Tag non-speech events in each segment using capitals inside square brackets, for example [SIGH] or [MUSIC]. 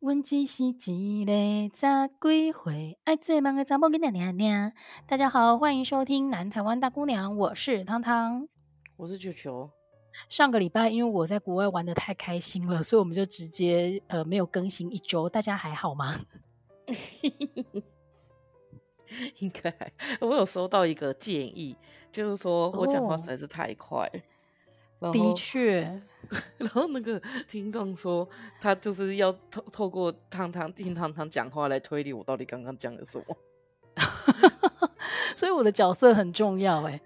問自己幾個再歸回，愛做夢個再不跟你聊大家好，歡迎收聽《南台灣大姑娘》，我是湯湯，我是球球。上個禮拜因為我在國外玩得太開心了，所以我們就直接呃沒有更新一周。大家還好嗎？應該 [LAUGHS] [LAUGHS] 我有收到一個建議，就是說我講話實在是太快。Oh. 的確，然後那個聽眾說，他就是要透透過湯湯聽湯湯講話來推理我到底剛剛講了什麼， [LAUGHS] 所以我的角色很重要哎、欸。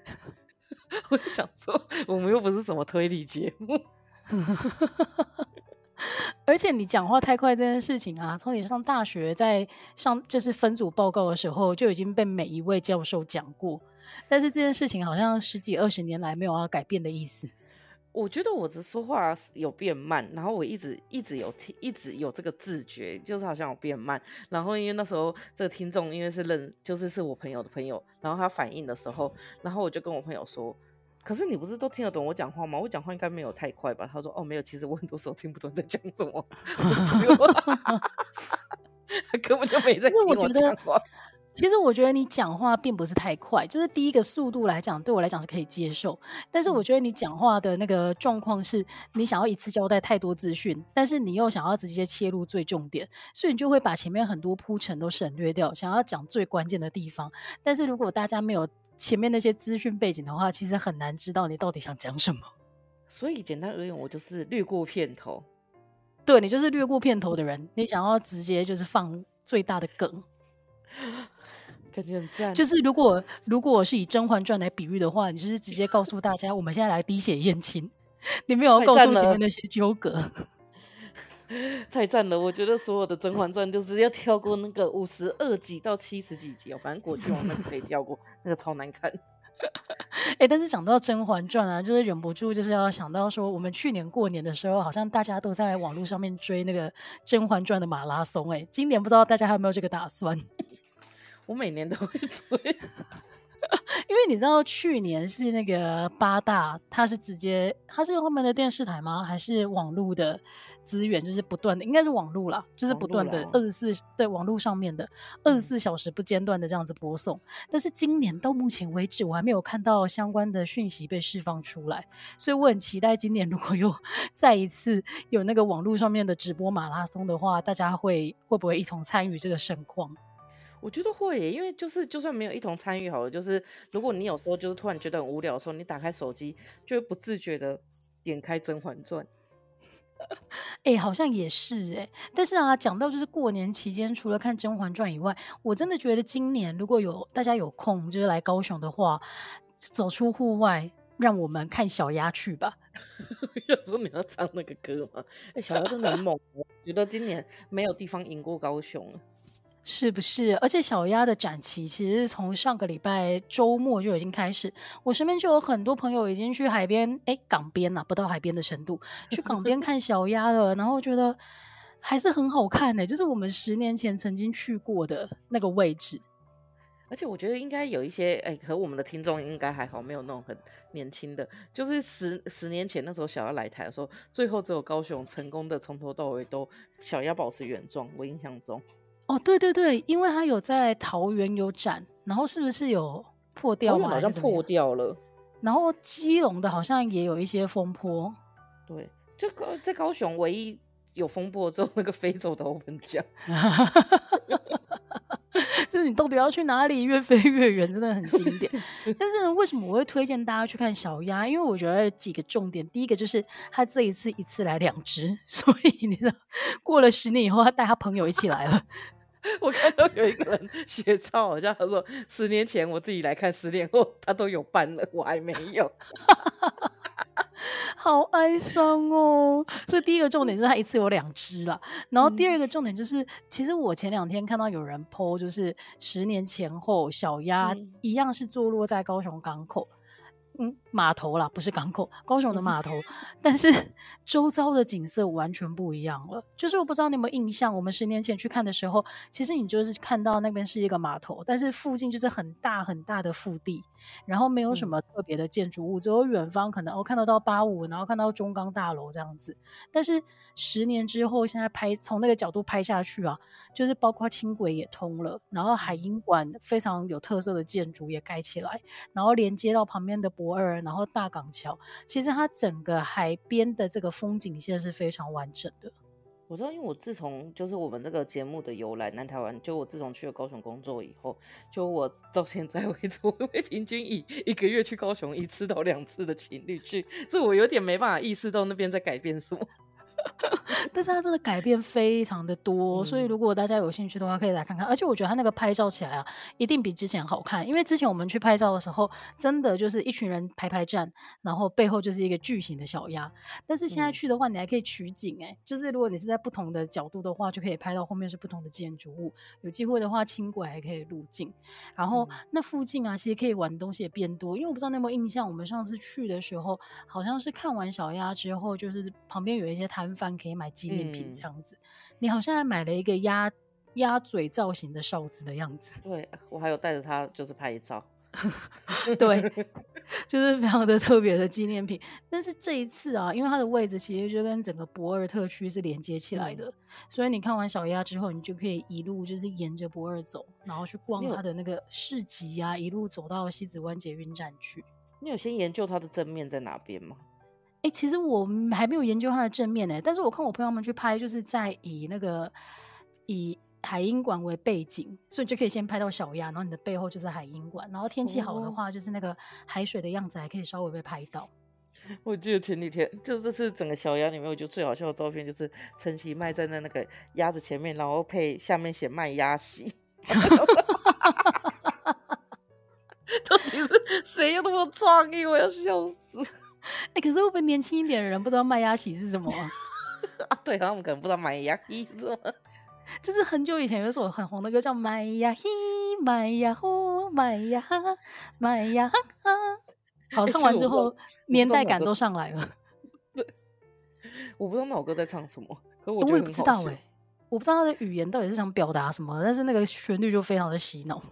[LAUGHS] 我想說，我們又不是什麼推理節目， [LAUGHS] [LAUGHS] 而且你講話太快這件事情啊，從你上大學在上就是分組報告的時候就已經被每一位教授講過，但是這件事情好像十幾二十年來沒有要改變的意思。我覺得我的說話有變慢，然後我一直一直有一直有這個自覺，就是好像有變慢。然後因為那時候這個聽眾因為是認，就是是我朋友的朋友，然後他反應的時候，然後我就跟我朋友說：“可是你不是都聽得懂我講話嗎？我講話應該沒有太快吧？”他說：“哦，沒有，其實我很多時候聽不懂你在講什麼，根本 [LAUGHS] [LAUGHS] 就沒在聽我講話。”其實我覺得你講話並不是太快，就是第一個速度來講，對我來講是可以接受。但是我覺得你講話的那個狀況是，你想要一次交代太多資訊，但是你又想要直接切入最重點，所以你就會把前面很多鋪陳都省略掉，想要講最關鍵的地方。但是如果大家沒有前面那些資訊背景的話，其實很難知道你到底想講什麼。所以簡單而言，我就是略過片頭。對，你就是略過片頭的人，你想要直接就是放最大的梗。感覺很讚，就是如果如果我是以《甄嬛傳》來比喻的話，你就是直接告訴大家， [LAUGHS] 我們現在來滴血驗親，你沒有告訴前面那些糾葛，太讚了，了！我覺得所有的《甄嬛傳》就是要跳過那個五十二集到七十幾集哦、喔，反正果郡王那個可以跳過， [LAUGHS] 那個超難看。哎、 [LAUGHS] 欸，但是講到《甄嬛傳》啊，就是忍不住就是要想到說，我們去年過年的時候，好像大家都在網路上面追那個《甄嬛傳》的馬拉松、欸。哎，今年不知道大家還有沒有這個打算？我每年都會追， [LAUGHS] 因為你知道去年是那個八大，它是直接它是後面的電視台嗎？還是網絡的資源？就是不斷的，應該是網絡啦，就是不斷的二十四對網絡上面的二十四小時不間斷的這樣子播送。嗯、但是今年到目前為止，我還沒有看到相關的訊息被釋放出來，所以我很期待今年如果有再一次有那個網絡上面的直播馬拉松的話，大家會會不會一同參與這個盛況？我覺得會耶，因為就是就算沒有一同參與好了，就是如果你有時候就是突然覺得很無聊的時候，你打開手機就會不自覺的點開《甄嬛傳》 [LAUGHS] 哎、欸，好像也是哎、欸，但是啊，講到就是過年期間，除了看《甄嬛傳》以外，我真的覺得今年如果有大家有空，就是來高雄的話，走出戶外，讓我們看小鴨去吧。要說 [LAUGHS] 你要唱那個歌嗎？哎、欸，小鴨真的很猛，我 [LAUGHS] 覺得今年沒有地方贏過高雄。是不是？而且小鴨的展期其實是從上個禮拜周末就已經開始。我身邊就有很多朋友已經去海邊，哎、欸，港邊啊，不到海邊的程度，去港邊看小鴨了。 [LAUGHS] 然後覺得還是很好看呢、欸，就是我們十年前曾經去過的那個位置。而且我覺得應該有一些，哎、欸，和我們的聽眾應該還好，沒有那種很年輕的，就是十十年前那時候小鴨來台的時候，最後只有高雄成功的從頭到尾都小鴨保持原狀。我印象中。哦，對對對，因為他有在桃園有展，然後是不是有破掉？好像破掉了。然後基隆的好像也有一些風波。對，這在高雄唯一有風波之後，那個飛走的我們家。 [LAUGHS] [LAUGHS] 就是你到底要去哪裡？越飛越遠，真的很經典。 [LAUGHS] 但是呢，為什麼我會推薦大家去看小鴨？因為我覺得幾個重點，第一個就是他這一次一次來兩只，所以你知道過了十年以後，他帶他朋友一起來了。 [LAUGHS] [LAUGHS] 我看到有一個人寫照，好像他說十年前我自己來看，十年後他都有斑了，我還沒有， [LAUGHS] 好哀傷哦。所以第一個重點是他一次有兩只了，然後第二個重點就是，嗯、其實我前兩天看到有人 po，就是十年前後小鴨一樣是坐落在高雄港口，嗯。碼頭啦，不是港口，高雄的碼頭，嗯、但是周遭的景色完全不一樣了。就是我不知道你有沒有印象，我們十年前去看的時候，其實你就是看到那邊是一個碼頭，但是附近就是很大很大的腹地，然後沒有什麼特別的建築物，嗯、只有遠方可能我看得到八五，然後看到中鋼大樓這樣子。但是十年之後，現在拍從那個角度拍下去啊，就是包括輕軌也通了，然後海音館非常有特色的建築也蓋起來，然後連接到旁邊的駁二。然後大港橋，其實它整個海邊的這個風景線是非常完整的。我知道，因為我自從就是我們這個節目的由來，南台灣，就我自從去了高雄工作以後，就我到現在為止，我會平均以一個月去高雄一次到兩次的頻率去，所以我有點沒辦法意識到那邊在改變什麼。但是它真的改變非常的多，嗯、所以如果大家有興趣的話，可以來看看。而且我覺得它那個拍照起來啊，一定比之前好看，因為之前我們去拍照的時候，真的就是一群人排排站，然後背後就是一個巨型的小鴨。但是現在去的話，你還可以取景哎、欸，嗯、就是如果你是在不同的角度的話，就可以拍到後面是不同的建築物。有機會的話，輕軌還可以入鏡。然後、嗯、那附近啊，其實可以玩的東西也變多，因為我不知道你有沒有印象，我們上次去的時候，好像是看完小鴨之後，就是旁邊有一些攤販可以買。紀念品這樣子，嗯、你好像還買了一個鴨鴨嘴造型的哨子的樣子。對我還有帶着它，就是拍一照。 [LAUGHS] 對， [LAUGHS] 就是非常的特別的紀念品。但是這一次啊，因為它的位置其實就跟整個駁二特區是連接起來的，嗯、所以你看完小鴨之後，你就可以一路就是沿着駁二走，然後去逛它的那個市集啊，有一路走到西子灣捷運站去。你有先研究它的正面在哪邊嗎？哎、欸，其實我還沒有研究它的正面呢、欸，但是我看我朋友們去拍，就是在以那個以海音館為背景，所以就可以先拍到小鴨，然後你的背後就是海音館，然後天氣好的話，哦、就是那個海水的樣子還可以稍微被拍到。我記得前幾天，就這是整個小鴨裡面我覺得最好笑的照片，就是陳其邁站在那個鴨子前面，然後配下面寫“賣鴨西”，到底是誰有那麼創意？我要笑死！哎、欸，可是我們年輕一點的人不知道麥亞喜是什麼啊？ [LAUGHS] 啊，對，他們可能不知道麥亞喜是什麼。就是很久以前有一首很紅的歌叫《麥亞喜 hi，麥亞呼、麥亞哈、麥亞哈哈 ho、ha》欸、好，唱完之後、欸、年代感都上來了。我不知道那首歌在唱什麼，可我、哦、我也不知道哎、欸， [LAUGHS] 我不知道他的語言到底是想表達什麼，但是那個旋律就非常的洗腦。 [LAUGHS]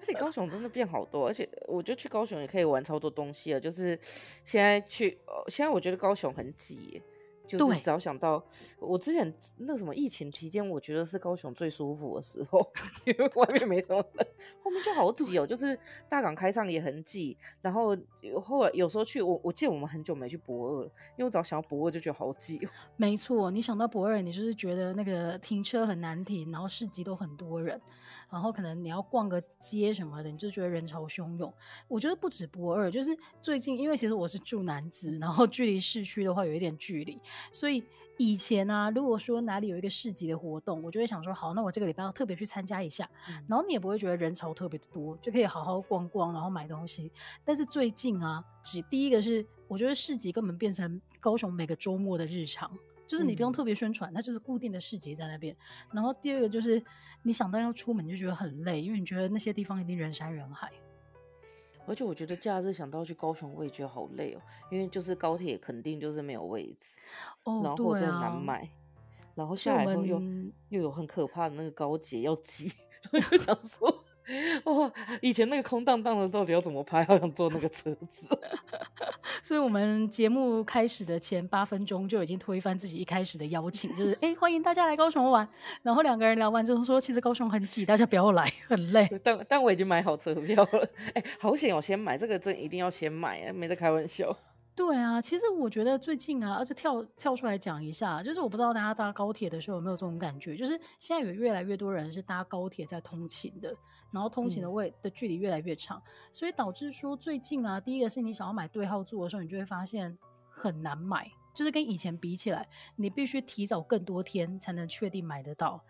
而且高雄真的變好多，而且我覺得去高雄也可以玩超多東西啊。就是現在去，現在我覺得高雄很擠、欸，就是只要想到我之前那個什麼疫情期間，我覺得是高雄最舒服的時候，因為外面沒什麼人。後面就好擠哦、喔，對就是大港開唱也很擠。然後後來有時候去，我我記得我們很久沒去駁二了，因為我只要想到駁二就覺得好擠、喔。沒錯，你想到駁二，你就是覺得那個停車很難停，然後市集都很多人。然後可能你要逛個街什麼的，你就覺得人潮洶湧。我覺得不止駁二，就是最近，因為其實我是住楠梓，然後距離市區的話有一點距離，所以以前啊，如果說哪裡有一個市集的活動，我就會想說，好，那我這個禮拜要特別去參加一下。嗯、然後你也不會覺得人潮特別的多，就可以好好逛逛，然後買東西。但是最近啊，只第一個是，我覺得市集根本變成高雄每個周末的日常。就是你不用特別宣傳，嗯、它就是固定的市集在那邊。然後第二個就是，你想到要出門，你就覺得很累，因為你覺得那些地方一定人山人海。而且我覺得假日想到去高雄，我也覺得好累哦，因為就是高鐵肯定就是沒有位置，哦、然後或者很難買，啊、然後下來後又又有很可怕的那個高捷要擠，我又想說。哦，以前那個空蕩蕩的時候，你要怎麼拍？好像坐那個車子， [LAUGHS] 所以我們節目開始的前八分鐘就已經推翻自己一開始的邀請，就是哎、欸，歡迎大家來高雄玩。然後兩個人聊完就說，之後說其實高雄很擠，大家不要來，很累。但但我已經買好車票了，哎、 [LAUGHS] 欸，好險，我先買這個，真一定要先買、欸，沒在開玩笑。對啊，其實我覺得最近啊，而且跳跳出來講一下，就是我不知道大家搭高鐵的時候有沒有這種感覺，就是現在有越來越多人是搭高鐵在通勤的。然後通勤的位的距離越來越長，所以導致說最近啊，第一個是你想要買對號座的時候，你就會發現很難買，就是跟以前比起來，你必須提早更多天才能確定買得到。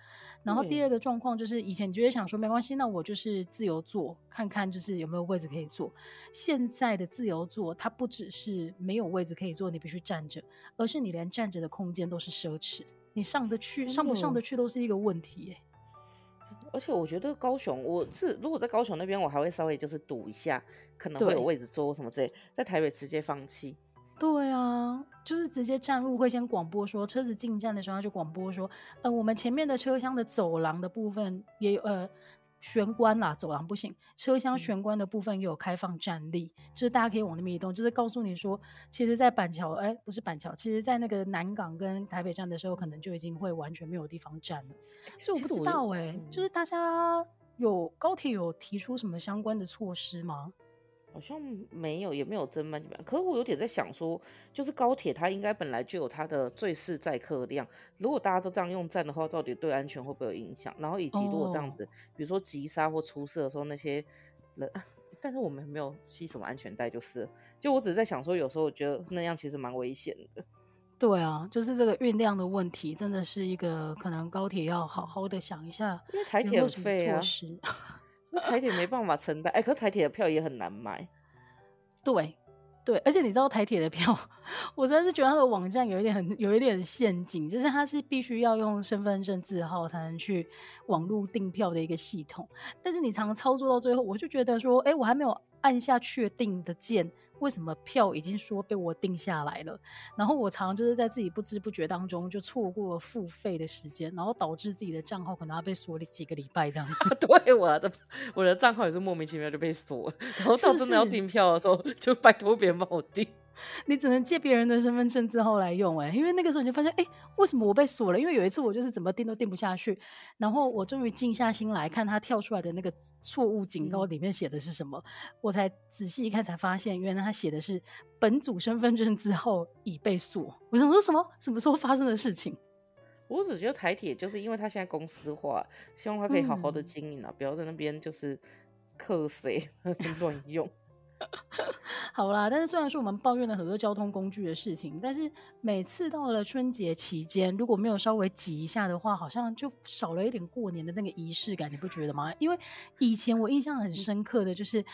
然後第二個狀況就是以前你就會想說沒關係，那我就是自由坐，看看就是有沒有位置可以坐。現在的自由坐，它不只是沒有位置可以坐，你必須站着，而是你連站着的空間都是奢侈，你上得去上不上得去都是一個問題，欸。而且我覺得高雄，我是如果在高雄那邊，我還會稍微就是賭一下，可能會有位置坐什麼之類的。對在台北直接放棄。對啊，就是直接站務會先廣播說，車子進站的時候就廣播說，呃，我們前面的車廂的走廊的部分也有呃。玄關啦，走廊不行。車廂玄關的部分又有開放站立，嗯、就是大家可以往那邊移動，就是告訴你說，其實，在板橋，哎、欸，不是板橋，其實在那個南港跟台北站的時候，可能就已經會完全沒有地方站了。所以、欸、我不知道哎、欸，嗯、就是大家有高鐵有提出什麼相關的措施嗎？好像沒有，也沒有增班，可我有點在想說，就是高鐵它應該本來就有它的最適載客的量，如果大家都這樣用站的話，到底對安全會不會有影響？然後以及如果這樣子，哦、比如說急剎或出事的時候那些人，啊、但是我們沒有繫什麼安全帶就是。就我只是在想說，有時候我覺得那樣其實蠻危險的。對啊，就是這個運量的問題，真的是一個可能高鐵要好好的想一下，台鐵有沒有什麼措施？台鐵沒辦法承擔，哎、欸，可是台鐵的票也很難買。對，對，而且你知道台鐵的票，我真的是覺得它的網站有一點很有一點陷阱，就是它是必須要用身份證字號才能去網路訂票的一個系統。但是你常操作到最後，我就覺得說，哎、欸，我還沒有按下確定的鍵。為什麼票已經說被我定下來了，然後我常常就是在自己不知不覺當中就錯過了付費的時間，然後導致自己的賬號可能被鎖了幾個禮拜這樣子。啊，對，我的我的賬號也是莫名其妙就被鎖了，然後到真的要訂票的時候，是不是？就拜託別人幫我訂。你只能借別人的身份證之後來用哎、欸，因為那個時候你就發現哎、欸，為什麼我被鎖了？因為有一次我就是怎麼訂都訂不下去，然後我終於靜下心來看他跳出來的那個錯誤警告裡面寫的是什麼，嗯、我才仔細一看才發現，原來他寫的是本組身份證之後已被鎖。我想說什麼？什麼時候發生的事情？我只覺得台鐵就是因為他現在公司化，希望他可以好好的經營了、啊，不要、嗯、在那邊就是克誰亂用。 [LAUGHS] [LAUGHS] 好啦，但是雖然說我們抱怨了很多交通工具的事情，但是每次到了春節期間，如果沒有稍微擠一下的話，好像就少了一點過年的那個儀式感，你不覺得嗎？因為以前我印象很深刻的就是，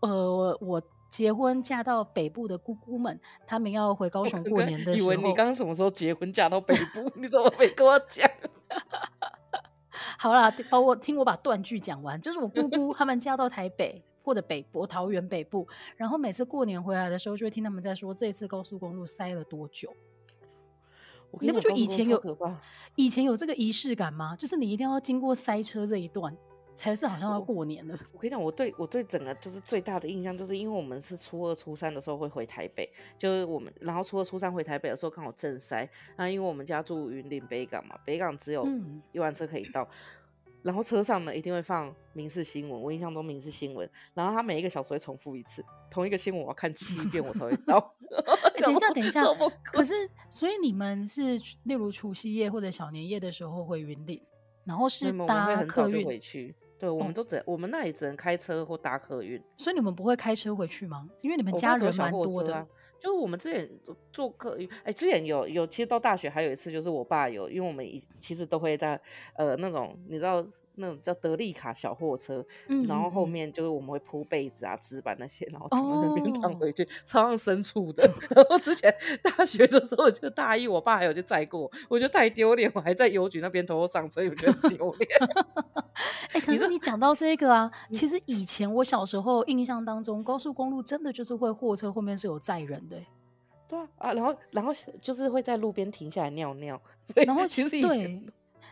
呃，我，我結婚嫁到北部的姑姑們，他們要回高雄過年的時候，以為你剛剛什麼時候結婚嫁到北部？ [LAUGHS] 你怎麼沒跟我講？ [LAUGHS] 好啦，把我聽我把斷句講完，就是我姑姑他們嫁到台北。 [LAUGHS] 或者北部桃園北部，然後每次過年回來的時候，就會聽他們在說這次高速公路塞了多久。那不就以前有，以前有這個儀式感嗎？就是你一定要經過塞車這一段，才是好像要過年的。我，我跟你講，我對我對整個就是最大的印象，就是因為我們是初二初三的時候會回台北，就是我們然後初二初三回台北的時候剛好正塞。那因為我們家住雲林北港嘛，北港只有一班車可以到。嗯。然後車上呢，一定會放民視新聞，我印象中民視新聞，然後他每一個小時會重複一次同一個新聞，我要看七遍 [LAUGHS] 我才會到、 [LAUGHS] 欸。等一下，等一下，可、可是所以你們是例如除夕夜或者小年夜的時候回雲林，然後是搭客運回去？對，我們都只、嗯、我們那裡只能開車或搭客運，所以你們不會開車回去嗎？因為你們家人蠻多的。哦就是我們之前做客，哎，之前有有，其實到大學還有一次，就是我爸有，因為我們一其實都會在，呃，那種你知道。那種叫德利卡小貨車，嗯、然後後面就是我們會鋪被子啊、紙、嗯、板那些，然後躺在那邊、哦、躺回去，超深處的。嗯、然後之前大學的時候我就大一，我爸還有就載過，我覺得太丟臉，我還在郵局那邊偷偷上車，有點丟臉、 [LAUGHS] 欸。可是你講到這個啊，說嗯、其實以前我小時候印象當中，高速公路真的就是會貨車後面是有載人的、欸，對啊，啊，然後然後就是會在路邊停下來尿尿，所以然後其實，其實以前。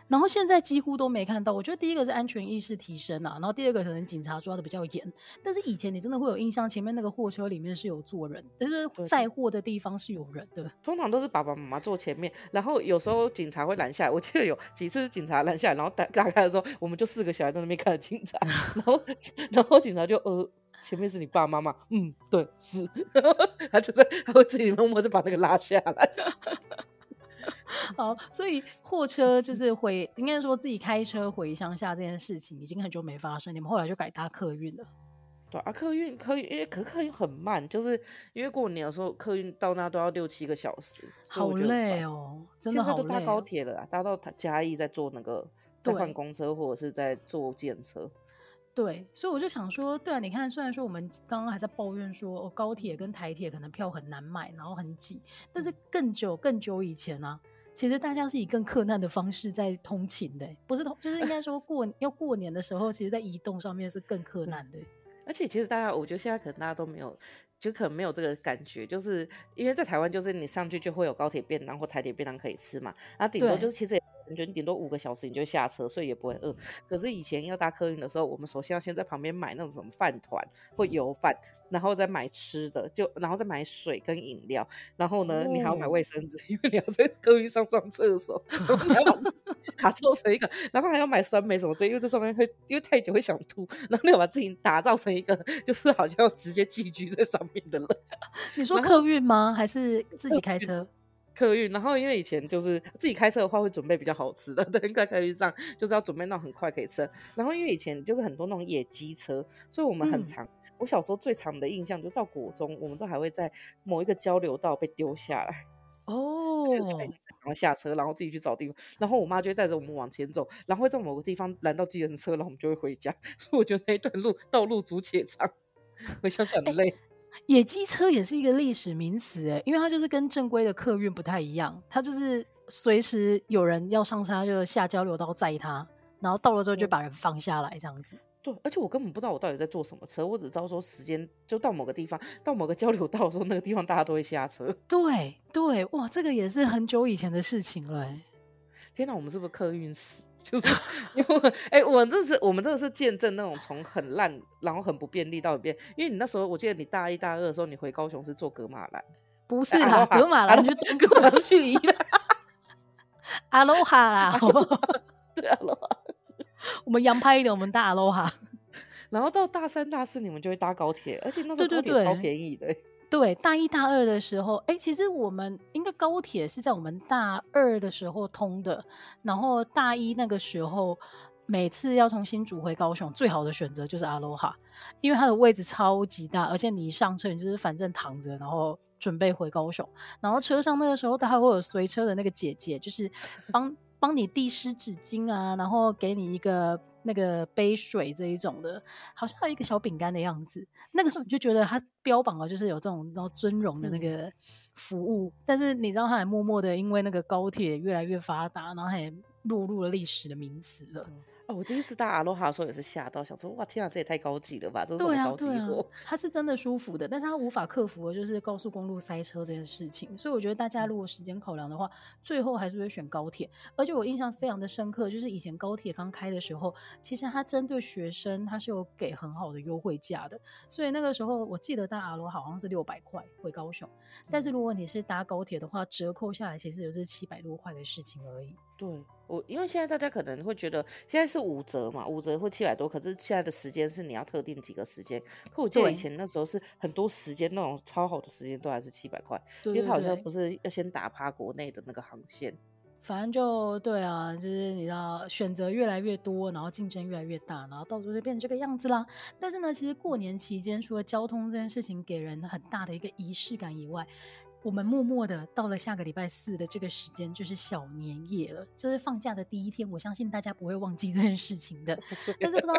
然後現在幾乎都沒看到，我覺得第一個是安全意識提升啊，然後第二個可能警察抓的比較嚴。但是以前你真的會有印象，前面那個貨車裡面是有坐人，就是載貨的地方是有人的。通常都是爸爸媽媽坐前面，然後有時候警察會攔下來，我記得有幾次警察攔下來，然後打，打開的時候，我們就四個小孩在那邊看着警察， [LAUGHS] 然後然後警察就呃，前面是你爸爸媽媽，嗯，對，是，他就是他會自己默默的把那個拉下來。好，所以貨車就是回， [LAUGHS] 應該說自己開車回鄉下這件事情已經很久沒發生。你們後來就改搭客運了，對啊，客運客運因為可客運很慢，就是因為過年的時候客運到那都要六七個小時，好累哦，真的好累、哦。現在就搭高鐵了，搭到嘉義再坐那個坐換對公車或者是在坐電車，對，所以我就想說，對啊，你看，雖然說我們剛剛還在抱怨說、哦、高鐵跟台鐵可能票很難買，然後很擠，但是更久更久以前呢、啊。其實大家是以更克難的方式在通勤的、欸，不是通，就是應該說過要 [LAUGHS] 過年的時候，其實在移動上面是更克難的、欸。而且其實大家，我覺得現在可能大家都沒有，就可能沒有這個感覺，就是因為在台灣，就是你上去就會有高鐵便當或台鐵便當可以吃嘛，然後頂多就是其實也。你覺得你頂多五個小時你就下車，所以也不會餓。可是以前要搭客運的時候，我們首先要先在旁邊買那種什麼飯糰或油飯，然後再買吃的，就然後再買水跟飲料，然後呢、哦、你還要買衛生紙，因為你要在客運上上廁所，然後你要把自己打造做成一個， [LAUGHS] 然後還要買酸梅什麼，因為這上面會因為太久會想吐，然後你要把自己打造成一個就是好像直接寄居在上面的人。你說客運嗎？後還是自己開車？客運，然後因為以前就是自己開車的話，會準備比較好吃的，等於在客運上就是要準備那種很快可以吃。然後因為以前就是很多那種野雞車，所以我們很常。嗯、我小時候最長的印象就是到國中，我們都還會在某一個交流道被丟下來，哦，就是被然後下車，然後自己去找地方。然後我媽就會帶着我們往前走，然後會在某個地方攔到計程車，然後我們就會回家。所以我覺得那一段路道路阻且長，回想很累。欸野雞車也是一個歷史名詞，哎，因為它就是跟正規的客運不太一樣，它就是隨時有人要上車它就下交流道載他，然後到了之後就把人放下來這樣子，嗯。對，而且我根本不知道我到底在坐什麼車，我只知道說時間就到某個地方，到某個交流道的時候，那個地方大家都會下車。對對，哇，這個也是很久以前的事情了，欸。天吶，啊，我們是不是客運死？ [LAUGHS] 就是因為哎、欸，我們這是我們這次是見證那種從很爛，然後很不便利到很便。因為你那時候，我記得你大一、大二的時候，你回高雄是坐葛瑪蘭，不是啦，啊、葛瑪蘭就東姑阿露 [LAUGHS] 去伊。 [LAUGHS] 阿羅哈啦，好不好？對、啊，阿羅哈。 [LAUGHS] [LAUGHS] [LAUGHS] 我們洋派一點，我們搭阿羅哈。 [LAUGHS] [LAUGHS] 然後到大三、大四，你們就會搭高鐵，而且那時候高鐵超便宜的、欸。 [LAUGHS] 對，大一、大二的時候，哎，其實我們應該高鐵是在我們大二的時候通的，然後大一那個時候，每次要從新竹回高雄，最好的選擇就是阿羅哈，因為它的位置超級大，而且你一上車，你就是反正躺着，然後準備回高雄，然後車上那個時候它會有隨車的那個姐姐，就是幫。 [LAUGHS] 幫你遞濕紙巾啊，然後給你一個那個杯水這一種的，好像有一個小餅乾的樣子。那個時候你就覺得他標榜啊，就是有這種然後尊榮的那個服務。嗯、但是你知道，他還默默的因為那個高鐵越來越發達，然後還也錄入了歷史的名詞了。嗯哦，我第一次搭阿羅哈的時候也是嚇到，想說哇天啊，這也太高級了吧！這是什麼高級貨？對啊，對啊，它是真的舒服的，但是它無法克服的就是高速公路塞車這件事情。所以我覺得大家如果時間考量的話，嗯、最後還是會選高鐵。而且我印象非常的深刻，就是以前高鐵剛開的時候，其實它針對學生它是有給很好的優惠價的。所以那個時候我記得搭阿羅哈好像是六百塊回高雄，但是如果你是搭高鐵的話，折扣下來其實也就是七百多塊的事情而已。對我，因為現在大家可能會覺得現在是五折嘛，五折或七百多，可是現在的時間是你要特定幾個時間。可我記得以前那時候是很多時間，對那種超好的時間都還是七百塊，對對對，因為它好像不是要先打趴國內的那個航線。反正就對啊，就是你要選擇越來越多，然後競爭越來越大，然後到處就變成這個樣子啦。但是呢，其實過年期間，除了交通這件事情給人很大的一個儀式感以外，我們默默的到了下個禮拜四的這個時間，就是小年夜了，就是放假的第一天。我相信大家不會忘記這件事情的，但是不知道，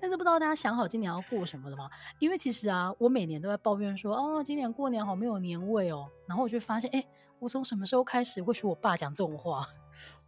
但是不知道大家想好今年要過什麼了嗎？因為其實啊，我每年都在抱怨說，哦，今年過年好沒有年味哦。然後我就發現，哎，我從什麼時候開始會學我爸講這種話？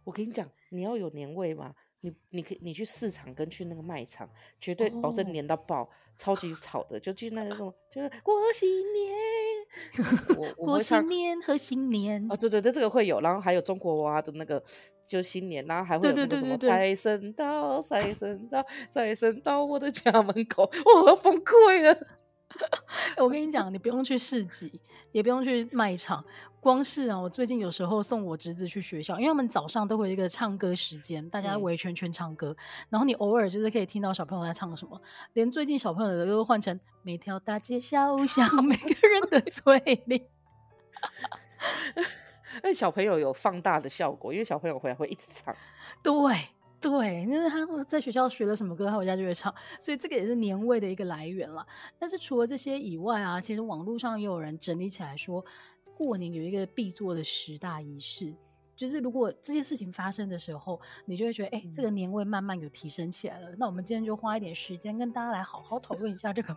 我跟你講，你要有年味嘛，你你可以你去市場跟去那個賣場，絕對保證年到爆。Oh. 超級吵的，就現在那種，就是過新年，過 [LAUGHS] 我新年和新年啊，哦，對對對，這個會有，然後還有中國娃娃，啊，的那個，就新年，然後還會有那個什麼財神到，財神到，財神到我的家門口，我要崩潰了。 [LAUGHS] 欸、我跟你講，你不用去市集， [LAUGHS] 也不用去賣場，光是啊，我最近有時候送我侄子去學校，因為他們早上都會有一個唱歌時間，大家圍圈圈唱歌，嗯、然後你偶爾就是可以聽到小朋友在唱什麼，連最近小朋友的歌都換成每條大街小巷每個人的嘴裡，那 [LAUGHS] [LAUGHS] 小朋友有放大的效果，因為小朋友回來會一直唱，對。對，因為他在學校學了什麼歌，他回家就會唱，所以這個也是年味的一個來源了。但是除了這些以外啊，其實網絡上也有人整理起來說，過年有一個必做的十大儀式，就是如果這些事情發生的時候，你就會覺得，哎、欸，這個年味慢慢有提升起來了。嗯、那我們今天就花一點時間跟大家來好好討論一下這個，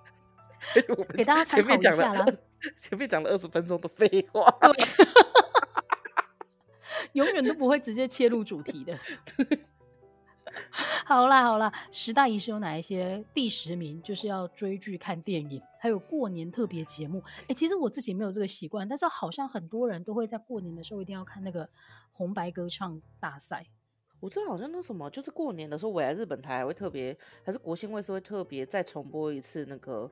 哎、前面給大家參考一下啦。前面講了二十個分鐘的廢話，對， [LAUGHS] [LAUGHS] 永遠都不會直接切入主題的。 [LAUGHS] [LAUGHS] 好啦好啦，十大儀式有哪一些？第十名就是要追劇看電影，還有過年特別節目。哎、欸，其實我自己沒有這個習慣，但是好像很多人都會在過年的時候一定要看那個紅白歌唱大賽。我記得好像那什麼，就是過年的時候，緯來日本台還會特別，還是國興衛視會特別再重播一次那個，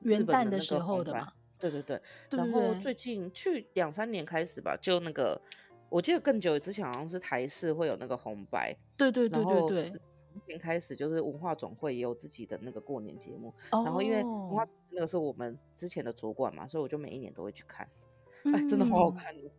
那個元旦的時候的嘛？對對對，對對對，然後最近去兩三年開始吧，就那個。我記得更久之前好像是台視會有那個紅白，對對對對對。從前開始就是文化總會也有自己的那個過年節目，哦、然後因為文化那個是我們之前的主管嘛，所以我就每一年都會去看，哎，真的好好看。嗯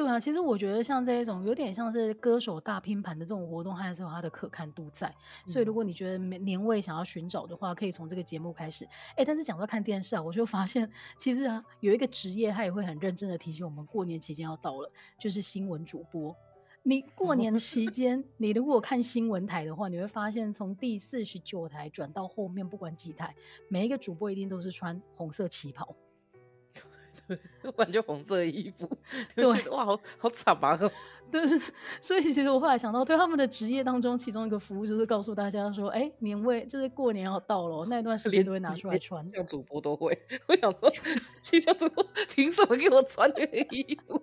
對啊，其實我覺得像這一種有點像是歌手大拼盤的這種活動，還是有它的可看度在。嗯。所以如果你覺得年味想要尋找的話，可以從這個節目開始。哎，但是講到看電視啊，我就發現其實啊，有一個職業他也會很認真的提醒我們，過年期間要到了，就是新聞主播。你過年期間， [LAUGHS] 你如果看新聞台的話，你會發現從第四十九台轉到後面不管幾台，每一個主播一定都是穿紅色旗袍。完全紅色的衣服，對，哇，好好慘吧、啊、對，所以其實我後來想到，對他們的職業當中，其中一個服務就是告訴大家說，哎，年味就是過年要到了，那一段時間都會拿出來穿。像主播都會，我想說，的其實主播憑什麼給我穿這個衣服？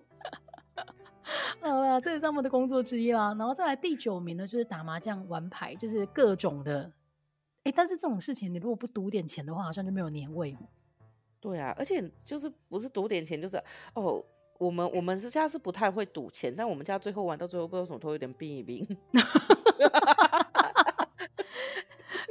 [LAUGHS] 好了，這也是他們的工作之一啦。然後再來第九名呢，就是打麻將、玩牌，就是各種的。哎，但是這種事情，你如果不賭點錢的話，好像就沒有年味。對啊，而且就是不是賭點錢，就是哦，我們我們家是不太會賭錢，但我們家最後玩到最後不知道什麼，都有點冰一冰。哈哈哈！哈哈哈！哈哈哈！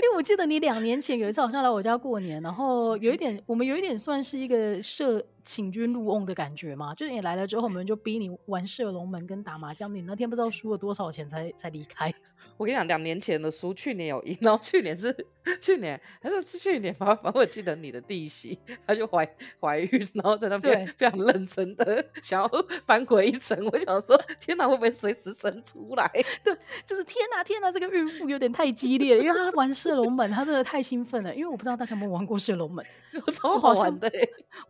因為我記得你兩年前有一次好像來我家過年，然後有一點，我們有一點算是一個設請君入甕的感覺嘛，就是你來了之後，我們就逼你玩射龍門跟打麻將，你那天不知道輸了多少錢才才離開。我跟你講，兩年前的書，去年有贏，然後去年是去年還是是去年？反正我記得你的弟媳，她就懷懷孕，然後在那邊對非常認真的想要翻滾一層。我想說，天哪，會不會隨時生出來？對，就是天哪，天哪，這個孕婦有點太激烈了， [LAUGHS] 因為她玩射龍門，她真的太興奮了。因為我不知道大家有沒有玩過射龍門，我超好玩的、欸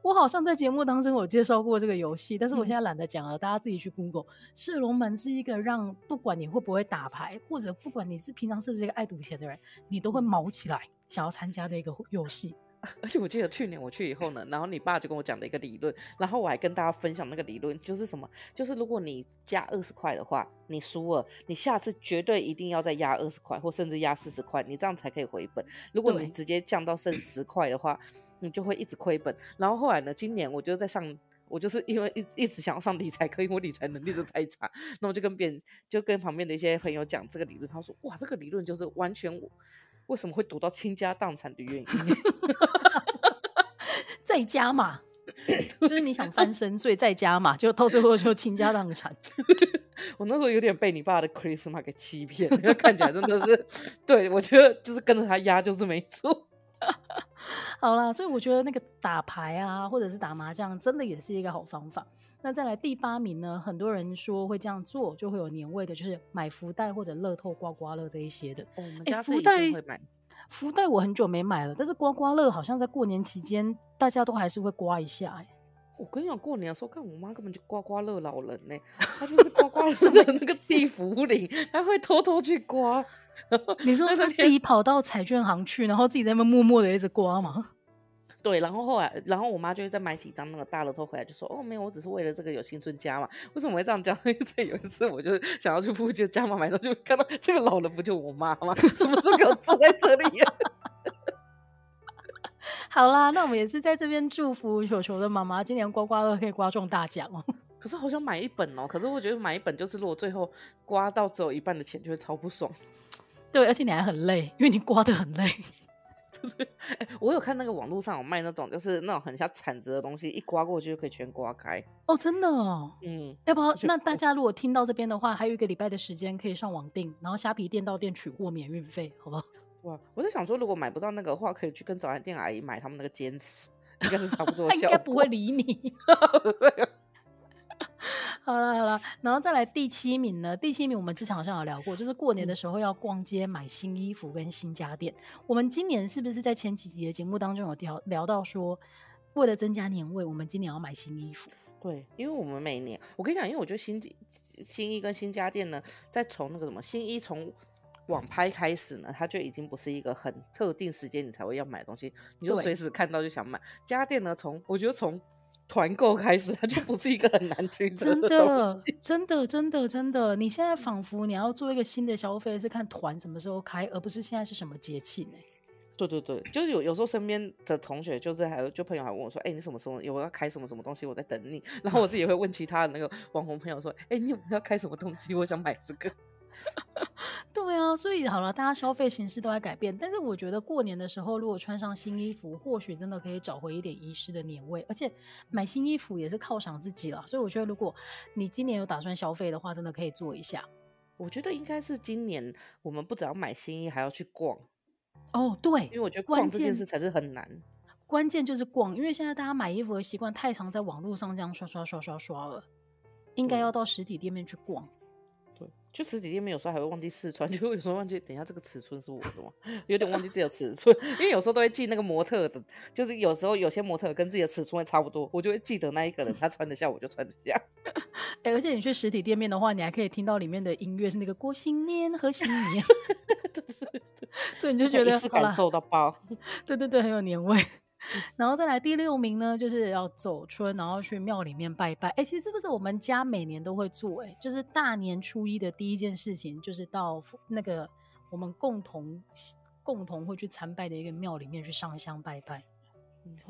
我好。我好像在節目當中有介紹過這個遊戲，但是我現在懶得講了，嗯、大家自己去 Google。射龍門是一個讓不管你會不會打牌或者不管你是平常是不是一個愛賭錢的人，你都會卯起來想要參加的一個遊戲。而且我記得去年我去以後呢，然後你爸就跟我講了一個理論，然後我還跟大家分享那個理論，就是什麼？就是如果你加二十塊的話，你輸了，你下次絕對一定要再壓二十塊，或甚至壓四十塊，你這樣才可以回本。如果你直接降到剩十塊的話，對你就會一直虧本。然後後來呢，今年我就在上。我就是因為一一直想要上理財課，因為我理財能力是太差。那我就跟別人，就跟旁邊的一些朋友講這個理論，他說：“哇，這個理論就是完全我為什麼會賭到傾家蕩產的原因， [LAUGHS] [LAUGHS] 再加嘛， [COUGHS] 就是你想翻身，所以再加嘛，就到最後就傾家蕩產。 [LAUGHS] ” [LAUGHS] 我那時候有點被你爸的 charisma 給欺騙，因為看起來真的是， [LAUGHS] 對我覺得就是跟着他壓就是沒錯。 [LAUGHS] 好啦，所以我覺得那個打牌啊，或者是打麻將，真的也是一個好方法。那再來第八名呢？很多人說會這樣做，就會有年味的，就是買福袋或者樂透刮刮樂這一些的。哦、我們家買、欸、福袋，買福袋，我很久沒買了，但是刮刮樂好像在過年期間，大家都還是會刮一下、欸。哎，我跟你講，過年的時候看我媽根本就刮刮樂老人呢、欸，她就是刮刮樂，的那個地服裡她 [LAUGHS] 會偷偷去刮。你說他自己跑到彩券行去，然後自己在那默默的一直刮嗎？對，然後後來，然後我媽就是再買幾張那個大樂透回來，就說：“哦，沒有，我只是為了這個有新春加嘛。”為什麼我會這樣加？因為有一次，我就想要去附近加嘛，買到就看到這個老人不就我媽嗎？怎 [LAUGHS] 是不是給我坐在這裡？ [LAUGHS] 好啦，那我們也是在這邊祝福球球的媽媽，今年刮刮樂可以刮中大獎哦、喔。可是好想買一本哦、喔，可是我覺得買一本就是如果最後刮到只有一半的錢，就會超不爽。對，而且你還很累，因為你刮得很累。對不對？哎，我有看那個網絡上有賣那種，就是那種很像鏟子的東西，一刮過去就可以全刮開。哦，真的哦，嗯。要不然跑那大家如果聽到這邊的話，還有一個禮拜的時間可以上網訂，然後蝦皮店到店取貨免運費，好不好？哇，我就想說，如果買不到那個的話，可以去跟早餐店阿姨買他們那個煎匙應該是差不多效果 [LAUGHS] 他應該不會理你。 [LAUGHS] 好啦好啦，然後再來第七名呢？第七名我們之前好像有聊過，就是過年的時候要逛街買新衣服跟新家電。我們今年是不是在前幾集的節目當中有聊聊到說，為了增加年味，我們今年要買新衣服？對，因為我們每年，我跟你講，因為我覺得新新衣跟新家電呢，在從那個什麼新衣從網拍開始呢，它就已經不是一個很特定時間你才會要買東西，你就隨時看到就想買。對家電呢，從我覺得從團購開始，它就不是一個很難取得的東西。 [LAUGHS] 真的，真的，真的，真的！你現在仿佛你要做一個新的消費，是看團什麼時候開，而不是現在是什麼節氣呢？對對對，就是有有時候身邊的同學就是還有就朋友還問我說：“哎、欸，你什麼時候有要開什麼什麼東西？我在等你。”然後我自己也會問其他的那個網紅朋友說：“哎、欸，你有沒有要開什麼東西？我想買這個。” [LAUGHS] 對啊，所以好了，大家消費形式都在改變，但是我覺得過年的時候如果穿上新衣服，或許真的可以找回一點遺失的年味。而且買新衣服也是犒賞自己了，所以我覺得如果你今年有打算消費的話，真的可以做一下。我覺得應該是今年我們不只要買新衣，還要去逛。哦，對，因為我覺得逛這件事才是很難。關鍵就是逛，因為現在大家買衣服的習慣太常在網路上這樣刷刷刷刷刷了，應該要到實體店面去逛。去實體店面有時候還會忘記試穿，就會有時候忘記，等一下這個尺寸是我的嗎？有點忘記自己的尺寸， [LAUGHS] 因為有時候都會記那個模特的，就是有時候有些模特跟自己的尺寸還差不多，我就會記得那一個人他穿得下，我就穿得下 [LAUGHS] 、欸。而且你去實體店面的話，你還可以聽到裡面的音樂是那個《過新年》和新年，對對、 [LAUGHS] 就是、對， [LAUGHS] 所以你就覺得是感受到包，對，對對對，很有年味。 [LAUGHS] 然後再來第六名呢，就是要走春，然後去廟裡面拜拜。哎、欸，其實這個我們家每年都會做、欸，哎，就是大年初一的第一件事情，就是到那個我們共同共同會去參拜的一個廟裡面去上香拜拜。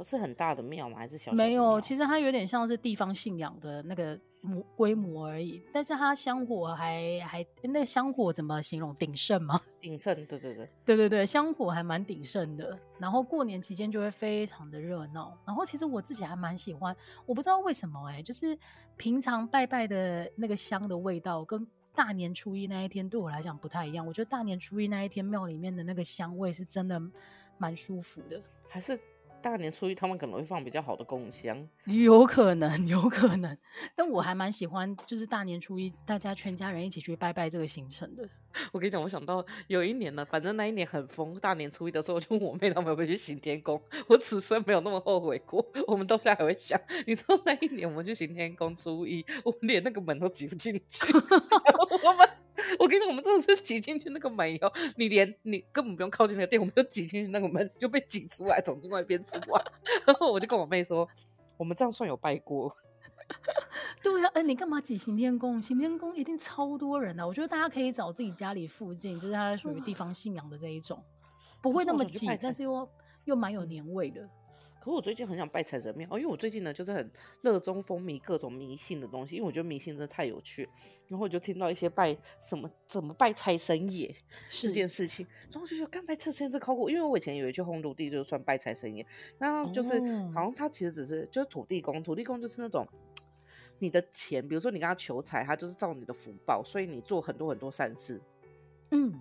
是很大的廟嗎？還是小、小？沒有，其實它有點像是地方信仰的那個。規模而已，但是它香火還還，那香火怎麼形容？鼎盛嗎？鼎盛，對對對，對對對，香火還蠻鼎盛的。然後過年期間就會非常的熱鬧。然後其實我自己還蠻喜歡，我不知道為什麼欸，就是平常拜拜的那個香的味道，跟大年初一那一天對我來講不太一樣。我覺得大年初一那一天廟裡面的那個香味是真的蠻舒服的，還是。大年初一，他們可能會放比較好的供香，有可能，有可能。但我還蠻喜歡，就是大年初一大家全家人一起去拜拜這個行程的。我跟你講，我想到有一年呢，反正那一年很瘋，大年初一的時候就我妹他們有去行天宮，我此生沒有那麼後悔過。我們到現在還會想，你知道那一年我們去行天宮初一，我連那個門都擠不進去， [LAUGHS] 我們。我跟你說，我們真的是擠進去那個門哦、喔！你連你根本不用靠近那個店，我們就擠進去那個門就被擠出來，從另外一邊出來。 [LAUGHS] 然後我就跟我妹說，我們這樣算有拜過。對呀、啊，哎、欸，你幹嘛擠行天宮？行天宮一定超多人啊，我覺得大家可以找自己家裡附近，就是它屬於地方信仰的這一種，不會那麼擠， [LAUGHS] 但是又又蠻有年味的。不過我最近很想拜財神廟，哦，因為我最近呢，就是很熱衷，風靡各種迷信的東西，因為我覺得迷信真的太有趣。然後我就聽到一些拜什麼、怎麼拜財神爺是這件事情，然後我就說，才拜財神爺這考古，因為我以前有一去紅土地就是算拜財神爺，然後就是，哦，好像他其實只是就是土地公，土地公就是那種你的錢，比如說你跟他求財，他就是照你的福報，所以你做很多很多善事，嗯。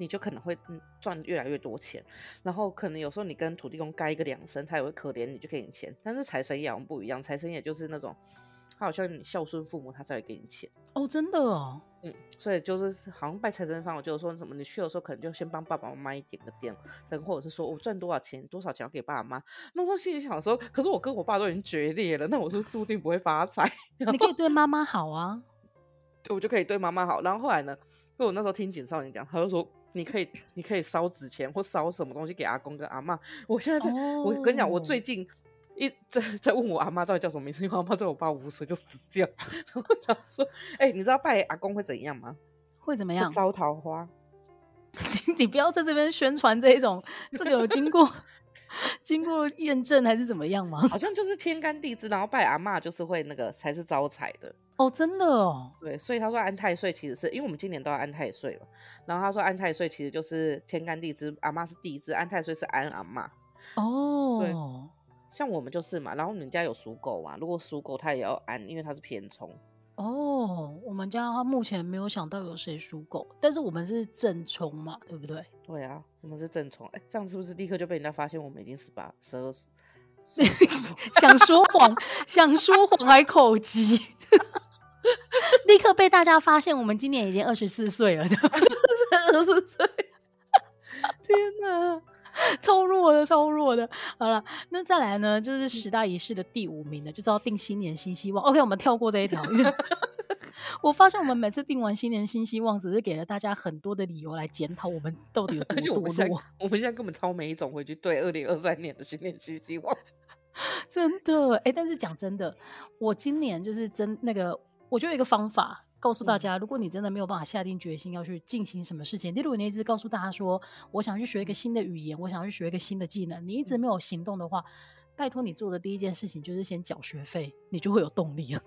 你就可能會賺越來越多錢，然後可能有時候你跟土地公蓋一個梁生，他也會可憐你，就給你錢。但是財神爺我不一樣，財神也就是那種，他好像你孝順父母，他才會給你錢。哦，真的哦，嗯，所以就是好像拜財神方，我就說什麼，你去的時候可能就先幫爸爸媽媽一點個燈，等或者是說我、哦、賺多少錢，多少錢要給爸爸媽媽。那我心裡想說，可是我跟我爸都已經決裂了，那我是注定不會發財。你可以對媽媽好啊對，我就可以對媽媽好。然後後來呢，因為我那時候聽簡少年講，他就說。你可以，你可以燒紙錢或燒什麼東西給阿公跟阿嬤。我現在在，哦、我跟你講，我最近一直在在問我阿嬤到底叫什麼名字，因為阿嬤在我爸五歲就死掉了。然後他說，哎、欸，你知道拜阿公會怎樣嗎？會怎麼樣？招桃花你。你不要在這邊宣傳這一種，這個有經過 [LAUGHS] 經過驗證還是怎麼樣嗎？好像就是天干地支，然後拜阿嬤就是會那個才是招財的。哦，oh, 真的哦。對，所以他說安太歲，其實是因為我們今年都要安太歲了。然後他說安太歲其實就是天干地支，阿媽是地支，安太歲是安阿媽。哦、oh，對，像我們就是嘛。然後你們家有屬狗啊？如果屬狗，他也要安，因為他是偏衝。哦，oh, 我們家目前沒有想到有誰屬狗，但是我們是正衝嘛，對不對？對啊，我們是正衝。哎、欸，這樣是不是立刻就被人家發現我們已經十八十二歲？ [LAUGHS] 想說謊謊， [LAUGHS] 想說謊還口急。 [LAUGHS] [LAUGHS] 立刻被大家發現，我們今年已經二十四歲了。對，二十四歲，天哪，超弱的，超弱的。好了，那再來呢，就是十大儀式的第五名了，就是要定新年新希望。OK，我們跳過這一條， [LAUGHS] 因為我發現我們每次定完新年新希望，只是給了大家很多的理由來檢討我們到底有多弱。我們現在根本超沒一種回去對二零二三年的新年新希望， [LAUGHS] 真的。哎、欸，但是講真的，我今年就是真那個。我就有一個方法告訴大家：如果你真的沒有辦法下定決心要去進行什麼事情，例如你一直告訴大家說，我想去學一個新的語言，我想去學一個新的技能，你一直沒有行動的話，拜托你做的第一件事情就是先繳學費，你就會有動力了。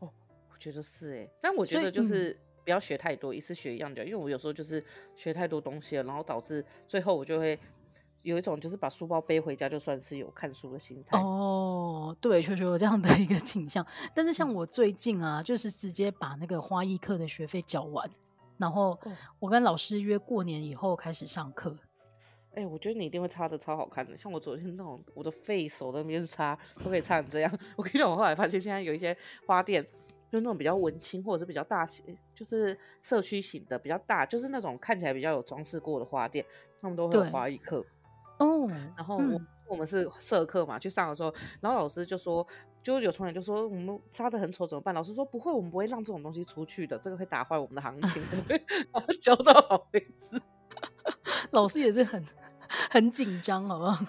哦，我覺得是誒、欸，但我覺得就是不要學太多，嗯、一次學一樣就好，因為我有時候就是學太多東西了，然後導致最後我就會。有一種就是把書包背回家，就算是有看書的心態哦。Oh, 對，確實有這樣的一個傾向。但是像我最近啊，就是直接把那個花藝課的學費交完，然後我跟老師約過年以後開始上課。哎、欸，我覺得你一定會插得超好看的。像我昨天那種，我的廢手那邊插都可以插成這樣。 [LAUGHS] 我跟你講，我後來發現現在有一些花店，就那種比較文青或者是比較大，就是社區型的比較大，就是那種看起來比較有裝飾過的花店，他們都會有花藝課。哦，oh, 然後我我們是社課嘛，嗯、去上的時候，然後老師就說，就有同學就說我們擦的很醜怎麼辦？老師說不會，我們不會讓這種東西出去的，這個會打壞我們的行情，教到 [LAUGHS] [LAUGHS] 好為止。老師也是很 [LAUGHS] 很緊張，好不好？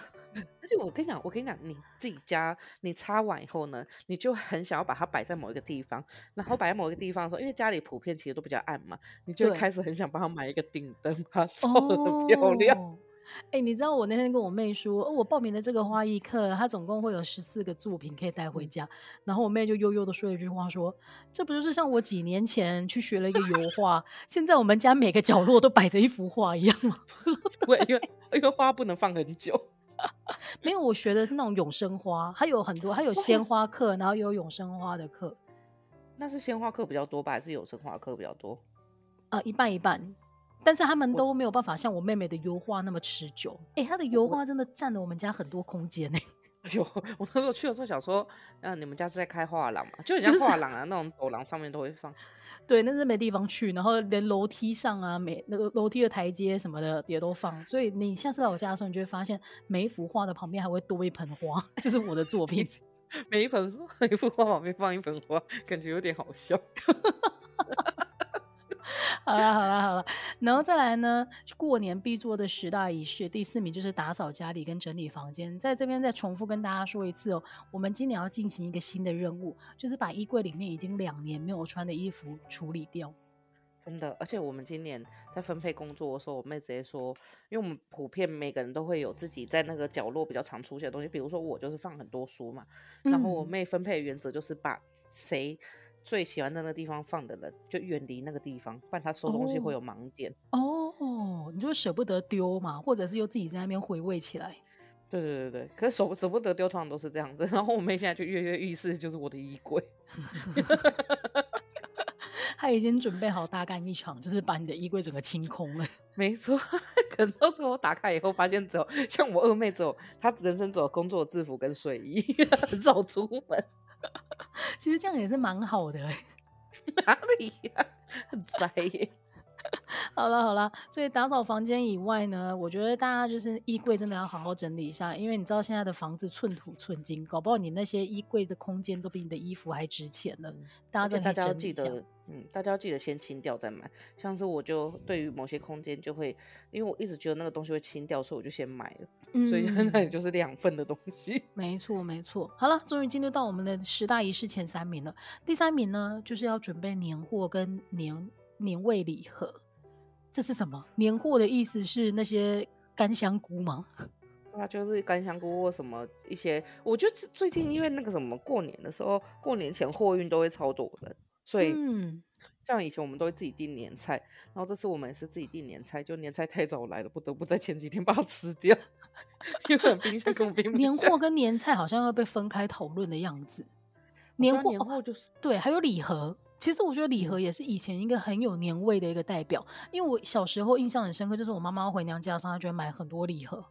而且我跟你講，我跟你講，你自己家你擦完以後呢，你就很想要把它擺在某一個地方，然後擺在某一個地方的時候，因為家裡普遍其實都比較暗嘛，你就開始很想幫他買一個頂燈，把它照得很漂亮。Oh. 哎、欸，你知道我那天跟我妹說、哦，我報名的這個花藝課，它總共會有十四個作品可以帶回家。然後我妹就悠悠的說了一句話，說：“這不就是像我幾年前去學了一個油畫， [LAUGHS] 現在我們家每個角落都擺着一幅畫一樣嗎？” [LAUGHS] 對，因為因為花不能放很久。 [LAUGHS] 沒有，我學的是那種永生花，它有很多，它有鮮花課，然後也有永生花的課。那是鮮花課比較多吧，還是永生花課比較多？啊、呃，一半一半。但是他們都沒有辦法像我妹妹的油畫那麼持久。哎、欸，她的油畫真的占了我們家很多空間呢、欸。哎呦，我當時我去的時候想說，嗯，你們家是在開畫廊嘛？就人家畫廊啊，那種走廊上面都會放。對，那是沒地方去，然後連樓梯上啊，每那個樓梯的台階什麼的也都放。所以你下次來我家的時候，你就會發現每一幅畫的旁邊還會多一盆花，就是我的作品。 [LAUGHS] 每一盆，每一幅畫旁邊放一盆花，感覺有點好笑。 [LAUGHS] 好啦好啦好啦，然後再來呢？過年必做的十大儀式，第四名就是打掃家裡跟整理房間。在這邊再重複跟大家說一次哦、喔，我們今年要進行一個新的任務，就是把衣櫃裡面已經兩年沒有穿的衣服處理掉。真的，而且我們今年在分配工作的時候，我妹直接說，因為我們普遍每個人都會有自己在那個角落比較常出現的東西，比如說我就是放很多書嘛。然後我妹分配的原則就是把誰。最喜歡在那個地方放的人，就遠離那個地方，不然他收東西會有盲點。哦，oh. oh, oh. 你就舍不得丟嘛，或者是又自己在那邊回味起來。對對對對，可是舍舍不得丟，通常都是這樣子。然後我妹現在就躍躍欲試，就是我的衣櫃， [LAUGHS] [LAUGHS] 他已經準備好大幹一場，就是把你的衣櫃整個清空了。沒錯，可能到時候我打開以後，發現只有像我二妹只有她，人生只有工作制服跟睡衣，走 [LAUGHS] [LAUGHS] 出門。其實這樣也是蠻好的、欸，哪裡呀？啊？很宅耶。欸。 [LAUGHS] 好了好了，所以打掃房間以外呢，我覺得大家就是衣櫃真的要好好整理一下，因為你知道現在的房子寸土寸金，搞不好你那些衣櫃的空間都比你的衣服還值錢了。大家，大家要記得，嗯，大家要記得先清掉再買。像是我就對於某些空間就會，因為我一直覺得那個東西會清掉，所以我就先買了。所以現在也就是兩份的東西、嗯。沒錯，沒錯。好了，終於進入到我們的十大儀式前三名了。第三名呢，就是要準備年貨跟年年味禮盒。這是什麼？年貨的意思是那些乾香菇嗎？那、啊、就是乾香菇或什麼一些。我覺得最近因為那個什麼過年的時候，嗯、過年前貨運都會超多的，所以嗯。像以前我們都會自己訂年菜，然後這次我們也是自己訂年菜，就年菜太早來了，不得不在前幾天把它吃掉。因為很冰箱送 [LAUGHS] 年貨跟年菜好像要被分開討論的樣子。年貨，年貨、哦、就是對，還有禮盒。其實我覺得禮盒也是以前一個很有年味的一個代表，因為我小時候印象很深刻，就是我媽媽回娘家時，她就會買很多禮盒。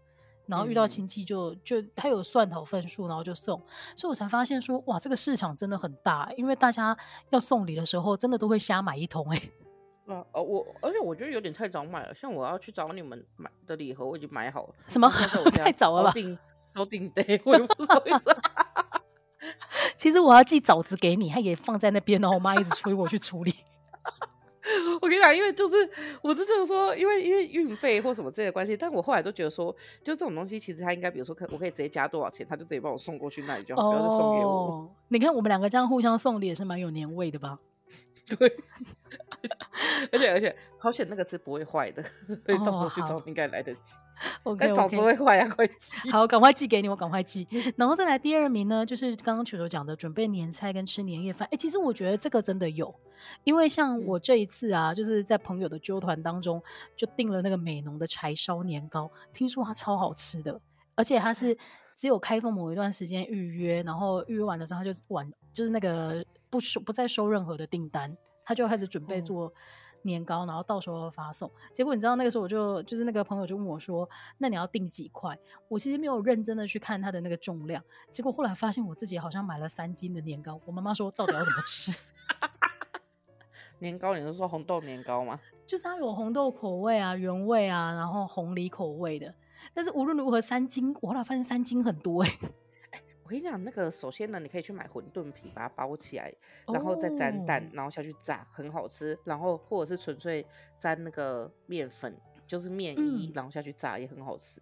然後遇到親戚就、嗯、就，就他有算好分數，然後就送，所以我才發現說哇，這個市場真的很大，因為大家要送禮的時候，真的都會瞎買一通哎、欸啊。啊哦，我而且我覺得有點太早買了，像我要去找你們買的禮盒，我已經買好了。什麼？我 [LAUGHS] 太早了吧？頂頭頂的，我也不知道。其實我要寄棗子給你，他也放在那邊，然後我媽一直催我去處理。 [LAUGHS] 我跟你講，因為就是我就是說，因為因為運費或什麼之類的關係，但我後來都覺得說，就這種東西其實他應該，比如說可我可以直接加多少錢，他就直接幫我送過去那裡就好，哦、不要再送給我。你看，我們兩個這樣互相送的也是蠻有年味的吧？對， [LAUGHS] 而且而且，好險那個是不會壞的，所以到時候去找應該來得及。我 k o k 早只會壞呀，快好，趕、okay, okay. [LAUGHS] 快寄給你，我趕快寄。 [LAUGHS] 然後再來第二名呢，就是剛剛球球講的，準備年菜跟吃年夜飯。哎、欸，其實我覺得這個真的有，因為像我這一次啊，嗯、就是在朋友的揪團當中就訂了那個美濃的柴燒年糕，聽說它超好吃的，而且它是只有開放某一段時間預約，然後預約完的時候它就完，就是那個。不收不再收任何的訂單，他就開始準備做年糕，嗯、然後到時候發送。結果你知道那個時候，我就就是那個朋友就問我說：“那你要訂幾塊？”我其實沒有認真的去看它的那個重量。結果後來發現我自己好像買了三斤的年糕。我媽媽說：“到底要怎麼吃？” [LAUGHS] 年糕，你是說紅豆年糕嗎？就是它有紅豆口味啊、原味啊，然後紅梨口味的。但是無論如何，三斤，我後來發現三斤很多誒、欸。我跟你講，那個首先呢，你可以去買餛飩皮，把它包起來，然後再沾蛋，哦、然後下去炸，很好吃。然後或者是純粹沾那個麵粉，就是麵衣，嗯、然後下去炸也很好吃。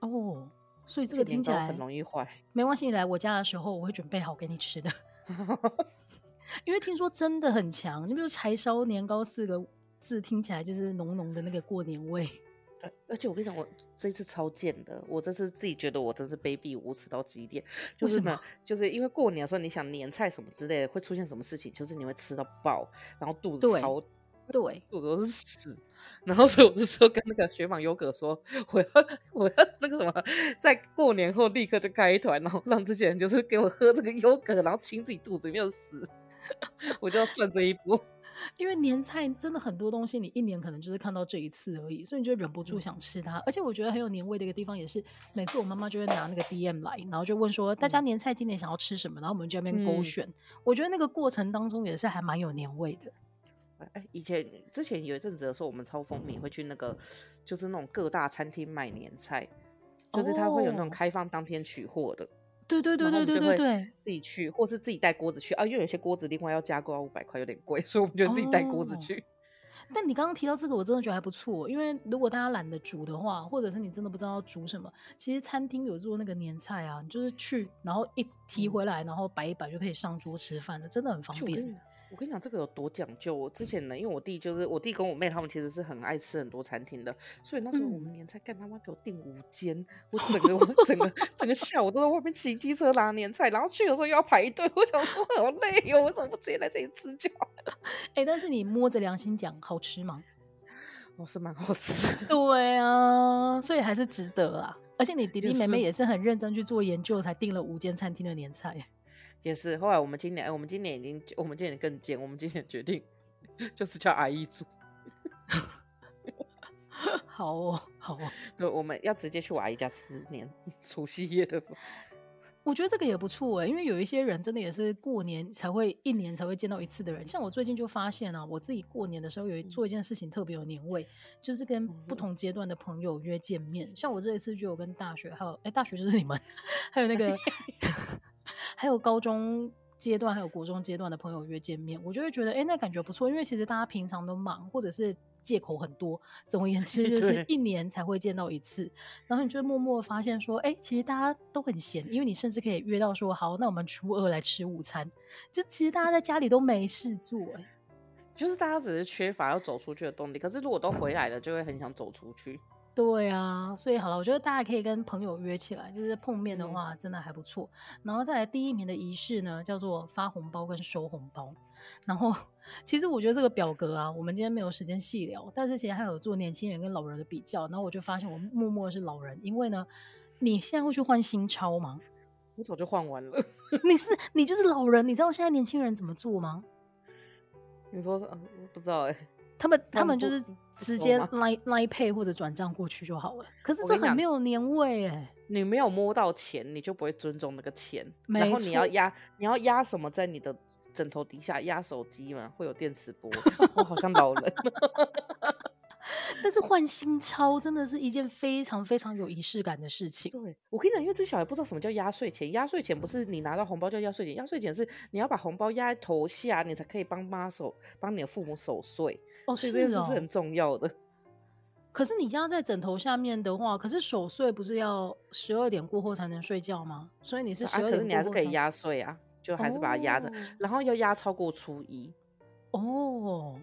哦，所以這個聽起來年糕很容易壞。沒關係，你來我家的時候我會準備好給你吃的。 [LAUGHS] [LAUGHS] 因為聽說真的很強，你比如“柴燒年糕”四個字聽起來就是濃濃的那個過年味。而且我跟你講，我這一次超賤的，我這次自己覺得我真是卑鄙無恥到極點。就是呢為什麼？就是因為過年的時候，你想年菜什麼之類的，會出現什麼事情？就是你會吃到爆，然後肚子超，對，對肚子都是屎。然後所以我就說，跟那個雪紡優格說，我要我要那個什麼，在過年後立刻就開團，然後讓這些人就是給我喝這個優格，然後清自己肚子裡面的屎，我就要賺這一波。 [LAUGHS] 因為年菜真的很多東西，你一年可能就是看到這一次而已，所以你就忍不住想吃它。嗯、而且我覺得很有年味的一個地方也是，每次我媽媽就會拿那個 DM 來，然後就問說、嗯、大家年菜今年想要吃什麼，然後我們就那邊勾選。嗯、我覺得那個過程當中也是還蠻有年味的。哎，以前之前有一陣子的時候，我們超風靡會去那個就是那種各大餐廳買年菜，就是他會有那種開放當天取貨的。對對對對對對，對，對，對，對，自己去，或是自己帶鍋子去啊，因為有些鍋子另外要加購五百塊，有點貴，所以我們就自己帶鍋子去。哦、但你剛剛提到這個，我真的覺得還不錯，因為如果大家懶得煮的話，或者是你真的不知道要煮什麼，其實餐廳有做那個年菜啊，你就是去，然後一提回來，嗯、然後擺一擺就可以上桌吃飯的，真的很方便。我跟你講，這個有多講究。我之前呢，因為我弟就是我弟跟我妹，他們其實是很愛吃很多餐廳的，所以那時候我們年菜幹，嗯、幹他們給我訂五間，我整個我整個 [LAUGHS] 整個下午都在外面騎機車拉年菜，然後去的時候又要排隊，我想說好累喲、喔，我怎麼不直接來這裡吃就好了？哎、欸，但是你摸着良心講，好吃嗎？我是蠻好吃的，對啊，所以還是值得啊。而且你弟弟、就是、妹妹也是很認真去做研究，才訂了五間餐廳的年菜。也是，後來我們今年，我們今年已經，我們今年更賤，我們今年決定就是叫阿姨、e、組， [LAUGHS] 好哦，好哦，我們要直接去我阿姨家吃年除夕夜的，的。我覺得這個也不錯、欸、因為有一些人真的也是過年才會一年才會見到一次的人，像我最近就發現啊，我自己過年的時候有做一件事情特別有年味，嗯、就是跟不同階段的朋友約見面，嗯、像我這一次就有跟大學，還有哎、欸、大學就是你們，還有那個。 [LAUGHS] 還有高中階段，還有國中階段的朋友約見面，我就會覺得，哎、欸，那感覺不錯。因為其實大家平常都忙，或者是借口很多，總而言之就是一年才會見到一次。對然後你就會默默發現說，哎、欸，其實大家都很閒，因為你甚至可以約到說，好，那我們初二來吃午餐。就其實大家在家裡都沒事做。欸，就是大家只是缺乏要走出去的動力。可是如果都回來了，就會很想走出去。對啊，所以好了，我覺得大家可以跟朋友約起來，就是碰面的話，真的還不錯。嗯、然後再來第一名的儀式呢，叫做發紅包跟收紅包。然後，其實我覺得這個表格啊，我們今天沒有時間細聊。但是其實還有做年輕人跟老人的比較，然後我就發現我默默的是老人，因為呢，你現在會去換新鈔嗎？我早就換完了。 [LAUGHS] 你是你就是老人，你知道現在年輕人怎麼做嗎？你說、啊、我不知道哎、欸！他們他們，他們就是直接來來 pay 或者轉賬過去就好了。可是這很沒有年味哎、欸！你沒有摸到錢，你就不會尊重那個錢。沒錯然後你要壓，你要壓什麼？在你的枕頭底下壓手機嘛，會有電磁波。我、 [LAUGHS] oh, 好像老了，但是換新鈔真的是一件非常非常有儀式感的事情。對，我跟你講，因為這小孩不知道什麼叫壓歲錢。壓歲錢不是你拿到紅包叫壓歲錢，壓歲錢是你要把紅包壓在頭下，你才可以幫媽手，幫你的父母守歲。哦，是哦，是很重要的、哦哦。可是你壓在枕頭下面的話，可是守歲不是要十二點過後才能睡覺嗎？所以你是十二點過後、啊。可是你還是可以壓歲啊，就還是把它壓着，哦、然後要壓超過初一。哦。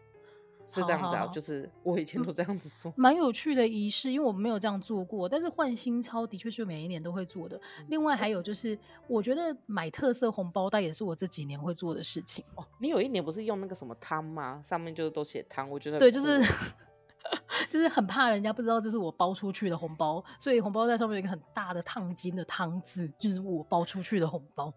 是這樣子啊，好好好，就是我以前都這樣子做，蠻、嗯、有趣的儀式，因為我沒有這樣做過。但是換新鈔的確是每一年都會做的。嗯、另外還有就是，我覺得買特色紅包袋也是我這幾年會做的事情。哦，你有一年不是用那個什麼湯嗎？上面就是都寫湯，我覺得對，就是 [LAUGHS] 就是很怕人家不知道這是我包出去的紅包，所以紅包袋上面有一個很大的燙金的湯字，就是我包出去的紅包。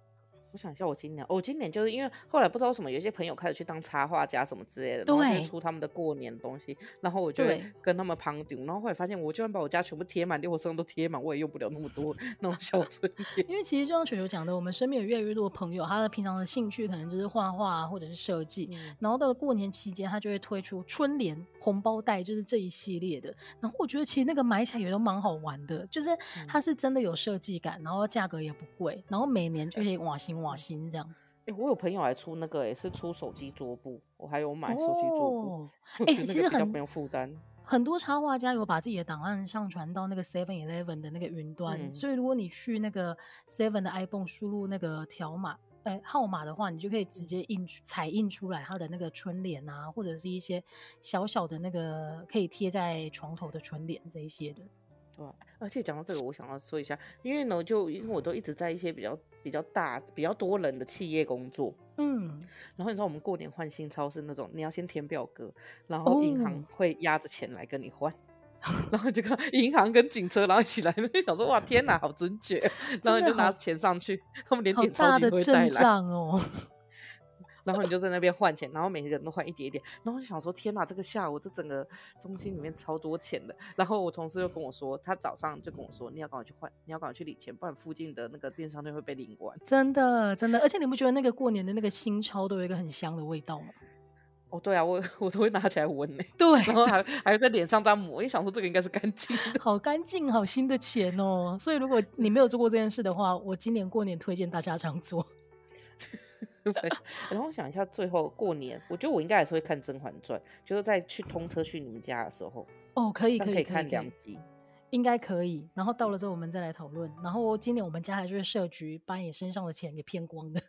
我想一下，我今年我、哦、今年就是因為後來不知道為什麼，有些朋友開始去當插畫家什麼之類的，對然後就出他們的過年的東西，然後我就會跟他們旁頂，對然後後來發現，我就算把我家全部貼滿，連我身上都貼滿，我也用不了那麼多 [LAUGHS] 那種小春聯 [LAUGHS] 因為其實就像球球講的，我們身邊有越來越多的朋友，他的平常的興趣可能就是畫畫、啊、或者是設計，嗯、然後到了過年期間，他就會推出春聯、紅包袋，就是這一系列的。然後我覺得其實那個買起來也都蠻好玩的，就是它是真的有設計感，然後價格也不貴，然後每年就可以換新。心這樣，哎、欸，我有朋友還出那個、欸，也是出手機桌布，我還有買手機桌布，哎、哦欸，其實很沒有負擔。很多插畫家有把自己的檔案上傳到那個 Seven Eleven 的那個雲端，嗯、所以如果你去那個 Seven 的 iPhone 輸入那個條碼，哎、欸，號碼的話，你就可以直接印，彩印出來他的那個春聯啊，或者是一些小小的那個可以貼在床頭的春聯這一些的。而且講到這個，我想要說一下，因為呢，就因為我都一直在一些比較比較大、比較多人的企業工作，嗯，然後你知道我們過年換新鈔是那種，你要先填表格，然後銀行會壓着錢來跟你換，哦、然後就看銀行跟警車然後一起來，就 [LAUGHS] 想說哇，天哪，好準確，然後你就拿錢上去，他們連點鈔機都會帶來然後你就在那邊換錢，哇然後每一個人都換一點點，然後我就想說，天哪，這個下午這整個中心裡面超多錢的。然後我同事又跟我說，他早上就跟我說，你要趕快去換，你要趕快去領錢，不然附近的那個便利商店會被領完。真的，真的，而且你不覺得那個過年的那個新鈔都有一個很香的味道嗎？哦，對啊，我我都會拿起來聞呢、欸。對，然後還對還在臉上這樣抹，因為想說這個應該是乾淨的，好乾淨，好新的錢哦。所以如果你沒有做過這件事的話，我今年過年推薦大家這樣做。 [LAUGHS] 對對，然後想一下，最後過年，我覺得我應該還是會看《甄嬛傳》，就是在去通車去你們家的時候，哦，可以可以看兩集，應該可以。然後到了之後，我們再來討論。然後今年我們家還就是設局把你身上的錢給騙光的。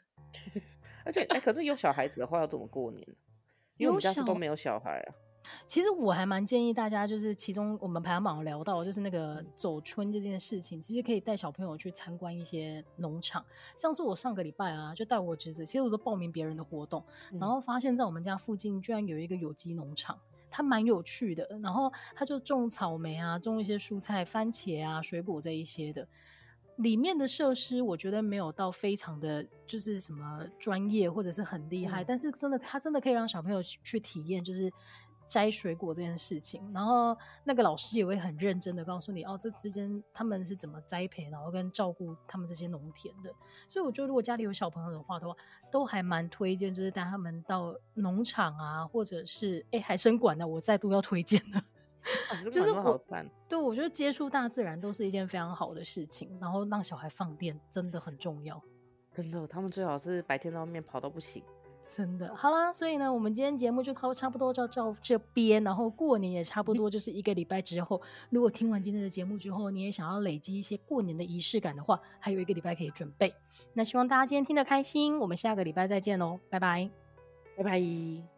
而且，哎，可是有小孩子的話要怎麼過年？ [LAUGHS] 因為我們家是都沒有小孩啊。其實我還蠻建議大家，就是其中我們排行榜聊到，就是那個走春這件事情，嗯、其實可以帶小朋友去參觀一些農場。像是我上個禮拜啊，就帶我侄子，其實我都報名別人的活動，嗯、然後發現在我們家附近居然有一個有機農場，它蠻有趣的。然後它就種草莓啊，種一些蔬菜、番茄啊、水果這一些的。裡面的設施我覺得沒有到非常的，就是什麼專業或者是很厲害，嗯、但是真的它真的可以讓小朋友去體驗，就是。摘水果這件事情，然後那個老師也會很認真的告訴你，哦，這之間他們是怎麼栽培，然後跟照顧他們這些農田的。所以我覺得，如果家裡有小朋友的話的話，都還蠻推薦，就是帶他們到農場啊，或者是誒海生館的，我再度要推薦的。啊，這很好讚。就是我，對，我覺得接觸大自然都是一件非常好的事情，然後讓小孩放電真的很重要。真的，他們最好是白天在外面跑到不行。真的，好啦，所以呢，我們今天節目就差不多到到這邊，然後過年也差不多就是一個禮拜之後。如果聽完今天的節目之後，你也想要累積一些過年的儀式感的話，還有一個禮拜可以準備。那希望大家今天聽得開心，我們下個禮拜再見嘍，拜拜，拜拜。